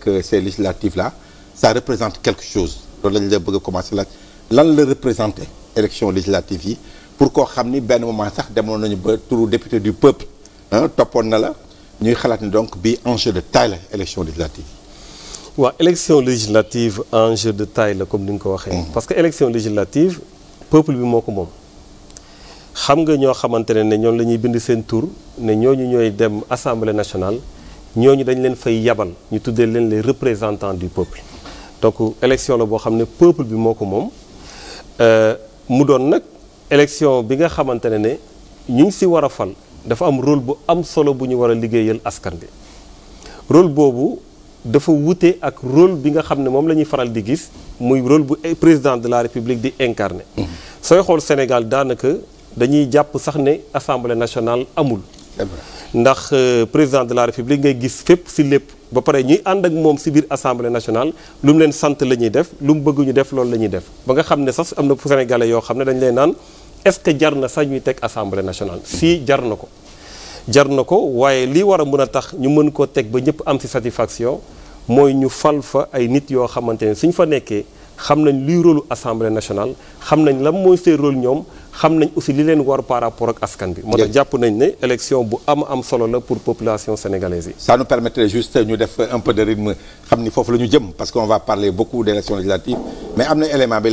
que ces législatives là ça représente quelque chose loolu lañ la bëgg a commencer laaj lan la représenter élection législative yi pour koo xam ni benn moment sax demoon nañu ba turu député du peuple ah toppoon na la ñuy xalaat ni donc bi enjeu de taille la élection législative yi. waaw élection législative enjeu de taille la comme ni nga ko waxee. Mm-hmm. parce que élection législative peuple bi moo ko moom. xam nga ñoo xamante ne ne ñoom la ñuy bind seen tour ne ñooñu ñooy dem assemblée nationale. ñooñu dañ leen fay yabal ñu tuddee leen les représentants du peuple donc élection la boo xam ne peuple bi moo ko moom euh, mu doon nag élection bi nga xamante ne ne ñu ngi si war a fal dafa am rôle bu am solo bu ñu war a liggéeyal askan bi rôle boobu dafa wute ak rôle bi nga xam ne moom la ñuy faral di gis muy rôle bu président de la république di incarné. Mm-hmm. sooy xool Sénégal daanaka dañuy jàpp sax ne assemblée nationale amul. ndax euh, président de la république ngay gis fépp si lépp ba pare ñuy ànd ak moom si biir assemblée nationale lu mu leen sant la ñuy def lu mu bëgg ñu def loolu la ñuy def ba nga xam ne sax am na sénégalais yoo xam ne dañ leen naan est-ce que jar na sax ñuy teg assemblée nationale si jar na ko jar na ko waaye li war a mën a tax ñu mën koo teg ba ñëpp am si satisfaction mooy ñu fal fa ay nit yoo xamante ne suñ fa nekkee xam nañ luy rôle assemblée nationale xam nañ lan mooy seen rôle ñoom xam nañ aussi li leen war par rapport ak askan bi moo tax jàpp nañ ne élection bu am am solo la pour population sénégalaise yi sa nous permettrait juste ñu def un peu de rythme xam ni foofu la ñu jëm parce qu'on va parler beaucoup d'élections législatives mais am na élément bi